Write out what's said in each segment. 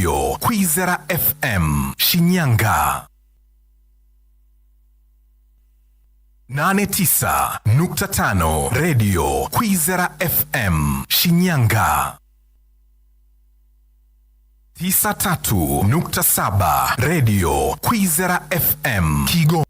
redio Kwizera FM Shinyanga 89.5 Radio Kwizera FM Shinyanga 93.7 Radio Kwizera FM Kigo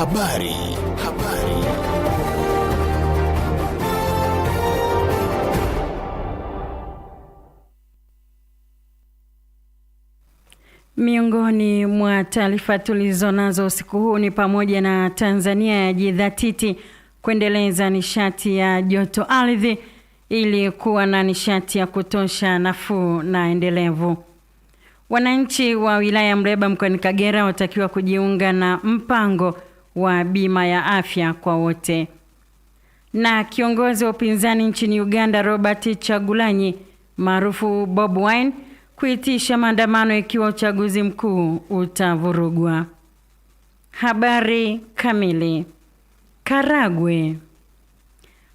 Habari. Habari. Miongoni mwa taarifa tulizonazo usiku huu ni pamoja na Tanzania yajidhatiti kuendeleza nishati ya joto ardhi ili kuwa na nishati ya kutosha, nafuu na endelevu. Wananchi wa wilaya ya Mreba mkoani Kagera watakiwa kujiunga na mpango wa bima ya afya kwa wote. Na kiongozi wa upinzani nchini Uganda Robert Chagulanyi maarufu Bob Wine kuitisha maandamano ikiwa uchaguzi mkuu utavurugwa. Habari kamili. Karagwe.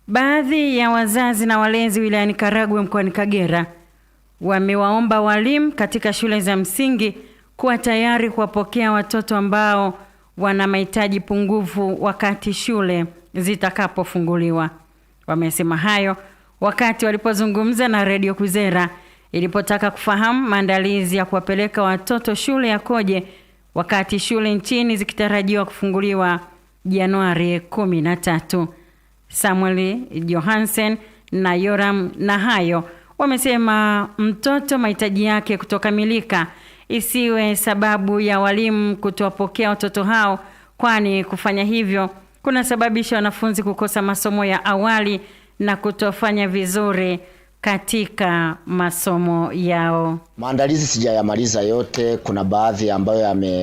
Baadhi ya wazazi na walezi wilayani Karagwe mkoani Kagera wamewaomba walimu katika shule za msingi kuwa tayari kuwapokea watoto ambao wana mahitaji pungufu wakati shule zitakapofunguliwa. Wamesema hayo wakati walipozungumza na redio Kwizera ilipotaka kufahamu maandalizi ya kuwapeleka watoto shule yakoje wakati shule nchini zikitarajiwa kufunguliwa Januari tatu. Samuel Johansen na Yoram Nahayo wamesema mtoto mahitaji yake kutokamilika isiwe sababu ya walimu kutowapokea watoto hao, kwani kufanya hivyo kunasababisha wanafunzi kukosa masomo ya awali na kutofanya vizuri katika masomo yao. Maandalizi sijayamaliza yote, kuna baadhi ambayo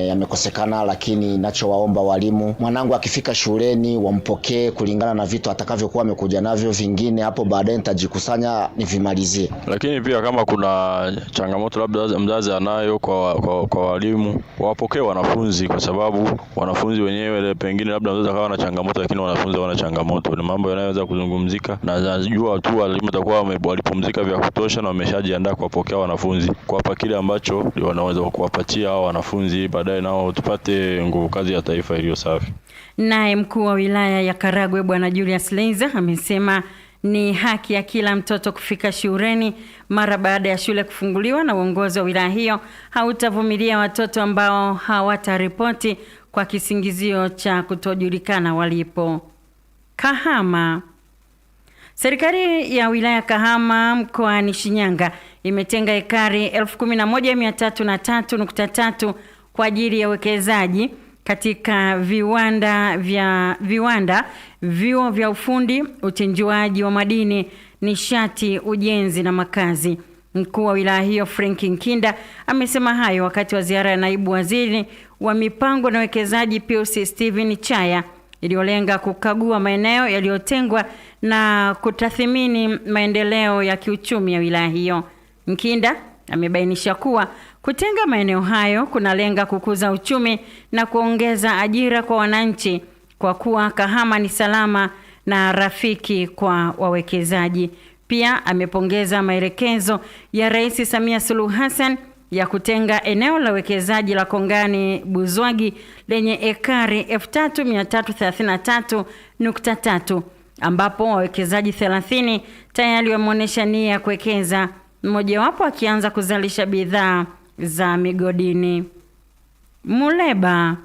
yamekosekana, yame lakini nachowaomba walimu, mwanangu akifika shuleni wampokee kulingana na vitu atakavyokuwa amekuja navyo, vingine hapo baadaye nitajikusanya nivimalizie. Lakini pia kama kuna changamoto labda mzazi anayo kwa, kwa, kwa walimu, wapokee wanafunzi, kwa sababu wanafunzi wenyewe pengine labda mzazi akawa na changamoto, lakini wanafunzi hawana changamoto. Ni mambo yanayoweza kuzungumzika na najua tu walimu watakuwa walipo wamepumzika vya kutosha na wameshajiandaa kuwapokea wanafunzi, kuwapa kile ambacho wanaweza kuwapatia hao wanafunzi, baadaye nao tupate nguvu kazi ya taifa iliyo safi. Naye mkuu wa wilaya ya Karagwe Bwana Julius Lenza amesema ni haki ya kila mtoto kufika shuleni mara baada ya shule kufunguliwa, na uongozi wa wilaya hiyo hautavumilia watoto ambao hawataripoti kwa kisingizio cha kutojulikana walipo. Kahama. Serikali ya wilaya Kahama mkoani Shinyanga imetenga ekari 11,303.3 kwa ajili ya uwekezaji katika viwanda vya viwanda, vyuo vya ufundi, uchenjuaji wa madini, nishati, ujenzi na makazi. Mkuu wa wilaya hiyo Frank Nkinda amesema hayo wakati wa ziara ya naibu waziri wa mipango na uwekezaji Pius Steven Chaya iliyolenga kukagua maeneo yaliyotengwa na kutathimini maendeleo ya kiuchumi ya wilaya hiyo. Mkinda amebainisha kuwa kutenga maeneo hayo kunalenga kukuza uchumi na kuongeza ajira kwa wananchi kwa kuwa Kahama ni salama na rafiki kwa wawekezaji. Pia amepongeza maelekezo ya Rais Samia Suluhu Hassan ya kutenga eneo la uwekezaji la Kongani Buzwagi lenye ekari 3333.3 ambapo wawekezaji 30 tayari wameonyesha nia ya kuwekeza, mmojawapo akianza kuzalisha bidhaa za migodini. Muleba.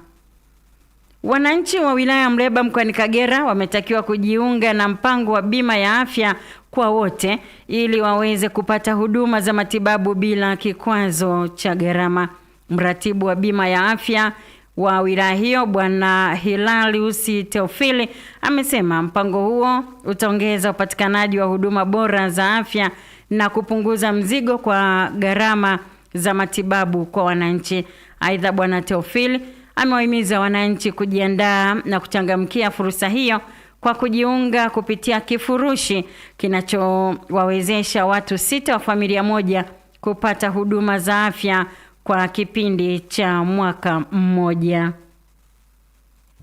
Wananchi wa wilaya ya Muleba mkoani Kagera wametakiwa kujiunga na mpango wa bima ya afya kwa wote ili waweze kupata huduma za matibabu bila kikwazo cha gharama. Mratibu wa bima ya afya wa wilaya hiyo Bwana Hilaliusi Teofili amesema mpango huo utaongeza upatikanaji wa huduma bora za afya na kupunguza mzigo kwa gharama za matibabu kwa wananchi. Aidha, Bwana Teofili amewahimiza wananchi kujiandaa na kuchangamkia fursa hiyo kwa kujiunga kupitia kifurushi kinachowawezesha watu sita wa familia moja kupata huduma za afya kwa kipindi cha mwaka mmoja.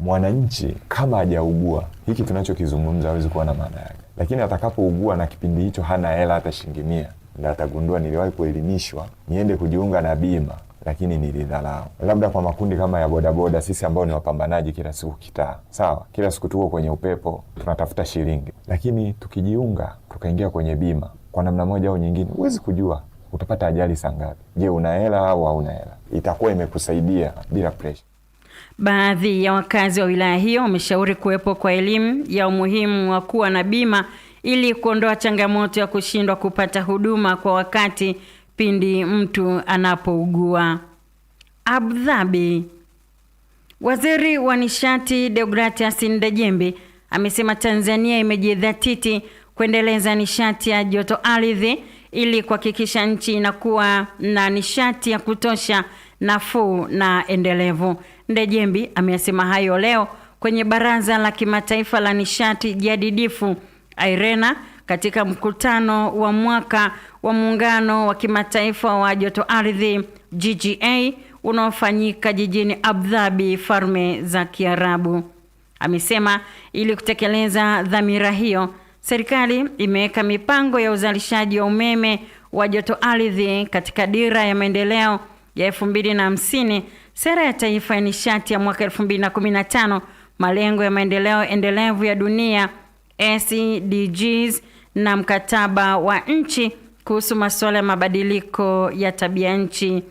Mwananchi kama hajaugua, hiki tunachokizungumza hawezi kuwa na maana yake, lakini atakapougua na kipindi hicho hana hela hata shilingi mia, ndo atagundua niliwahi kuelimishwa niende kujiunga na bima lakini nilidharau, labda kwa makundi kama ya bodaboda, sisi ambao ni wapambanaji kila siku kitaa, sawa, kila siku tuko kwenye upepo tunatafuta shilingi, lakini tukijiunga tukaingia kwenye bima, kwa namna moja au nyingine, huwezi kujua utapata ajali saa ngapi. Je, una hela au hauna hela? Itakuwa imekusaidia bila presha. Baadhi ya wakazi wa wilaya hiyo wameshauri kuwepo kwa elimu ya umuhimu wa kuwa na bima ili kuondoa changamoto ya kushindwa kupata huduma kwa wakati pindi mtu anapougua. Abu Dhabi, waziri wa nishati Deogratias Ndejembi amesema Tanzania imejidhatiti kuendeleza nishati ya joto ardhi ili kuhakikisha nchi inakuwa na nishati ya kutosha, nafuu na endelevu. Ndejembi ameyasema hayo leo kwenye Baraza la Kimataifa la Nishati Jadidifu IRENA katika mkutano wa mwaka wa muungano wa kimataifa wa joto ardhi GGA unaofanyika jijini Abu Dhabi, Falme za Kiarabu. Amesema ili kutekeleza dhamira hiyo, serikali imeweka mipango ya uzalishaji wa umeme wa joto ardhi katika dira ya maendeleo ya 2050, sera ya taifa ya nishati ya mwaka 2015, malengo ya maendeleo endelevu ya dunia SDGs na mkataba wa nchi kuhusu masuala ya mabadiliko ya tabia nchi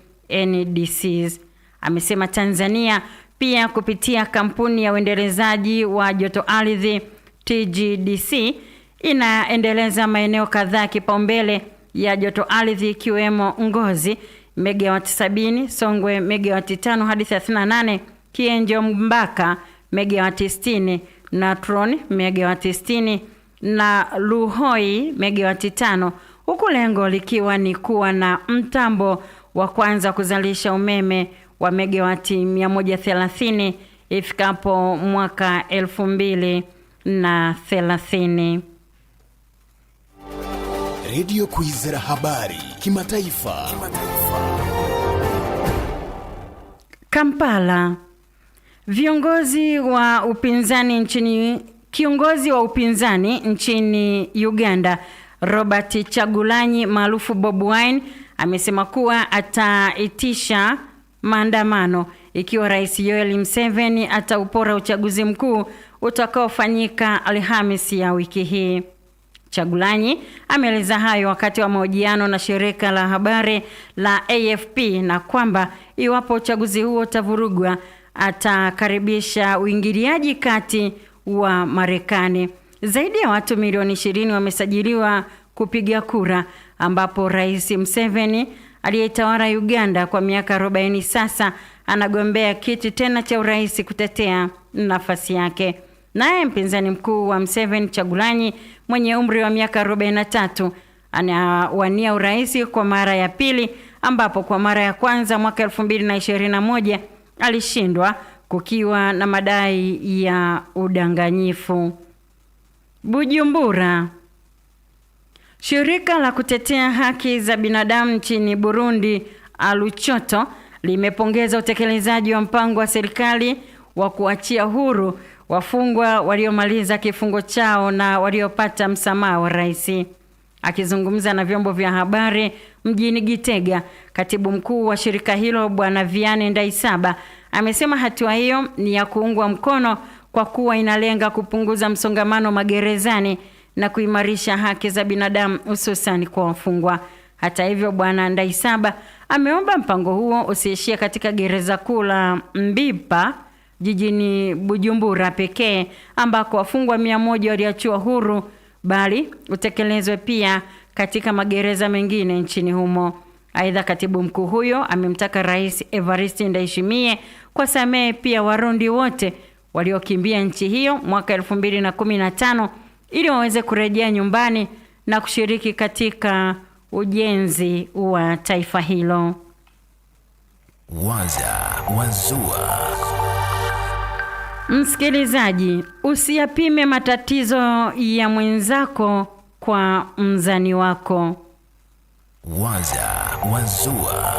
NDCs. Amesema Tanzania pia kupitia kampuni ya uendelezaji wa joto ardhi TGDC inaendeleza maeneo kadhaa kipaumbele ya joto ardhi ikiwemo Ngozi megawati sabini, Songwe megawati tano hadi 38, Kienjo Mbaka megawati sitini Natron megawati sitini na Luhoi megawati tano huku lengo likiwa ni kuwa na mtambo wa kwanza kuzalisha umeme wa megawati 130 ifikapo mwaka 2030. Radio Kwizera habari kimataifa. Kimataifa. Kampala. Viongozi wa upinzani nchini kiongozi wa upinzani nchini Uganda Robert Chagulanyi maarufu Bob Wine amesema kuwa ataitisha maandamano ikiwa Rais Yoweri Museveni ataupora uchaguzi mkuu utakaofanyika Alhamisi ya wiki hii. Chagulanyi ameeleza hayo wakati wa mahojiano na shirika la habari la AFP na kwamba iwapo uchaguzi huo utavurugwa atakaribisha uingiliaji kati wa Marekani. Zaidi ya watu milioni ishirini wamesajiliwa kupiga kura ambapo Rais Museveni aliyetawala Uganda kwa miaka 40 sasa anagombea kiti tena cha urais kutetea nafasi yake. Naye mpinzani mkuu wa Museveni Chagulanyi mwenye umri wa miaka 43 anawania urais kwa mara ya pili ambapo kwa mara ya kwanza mwaka 2021 alishindwa kukiwa na madai ya udanganyifu. Bujumbura. Shirika la kutetea haki za binadamu nchini Burundi, Aluchoto, limepongeza utekelezaji wa mpango wa serikali wa kuachia huru wafungwa waliomaliza kifungo chao na waliopata msamaha wa rais. Akizungumza na vyombo vya habari mjini Gitega, katibu mkuu wa shirika hilo Bwana Viane Ndaisaba amesema hatua hiyo ni ya kuungwa mkono kwa kuwa inalenga kupunguza msongamano magerezani na kuimarisha haki za binadamu hususani kwa wafungwa. Hata hivyo, Bwana Ndaisaba ameomba mpango huo usiishie katika gereza kuu la Mbipa jijini Bujumbura pekee ambako wafungwa mia moja waliachiwa huru, bali utekelezwe pia katika magereza mengine nchini humo. Aidha, katibu mkuu huyo amemtaka Rais Evariste Ndayishimiye kwa samehe pia Warundi wote waliokimbia nchi hiyo mwaka 2015 ili waweze kurejea nyumbani na kushiriki katika ujenzi wa taifa hilo. Waza Wazua. Msikilizaji, usiyapime matatizo ya mwenzako kwa mzani wako. Waza Wazua.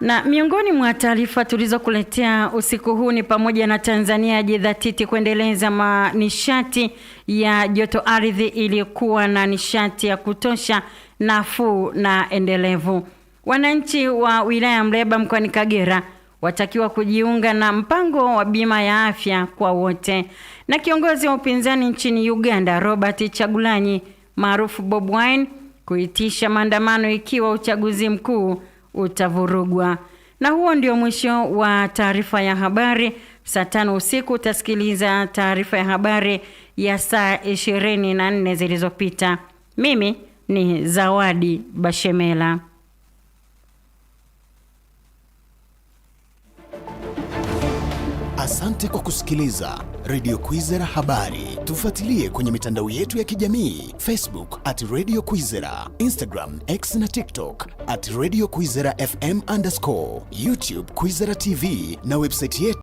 Na miongoni mwa taarifa tulizokuletea usiku huu ni pamoja na Tanzania jidhatiti kuendeleza nishati ya joto ardhi iliyokuwa na nishati ya kutosha, nafuu na endelevu. Wananchi wa wilaya ya Mleba mkoani Kagera watakiwa kujiunga na mpango wa bima ya afya kwa wote. Na kiongozi wa upinzani nchini Uganda Robert Chagulanyi maarufu Bob Wine kuitisha maandamano ikiwa uchaguzi mkuu utavurugwa. Na huo ndio mwisho wa taarifa ya habari. Saa tano usiku utasikiliza taarifa ya habari ya saa ishirini na nne zilizopita. Mimi ni Zawadi Bashemela. Asante kwa kusikiliza Radio Kwizera Habari. Tufuatilie kwenye mitandao yetu ya kijamii Facebook at Radio Kwizera, Instagram, X na TikTok at Radio Kwizera FM underscore, YouTube Kwizera TV na website yetu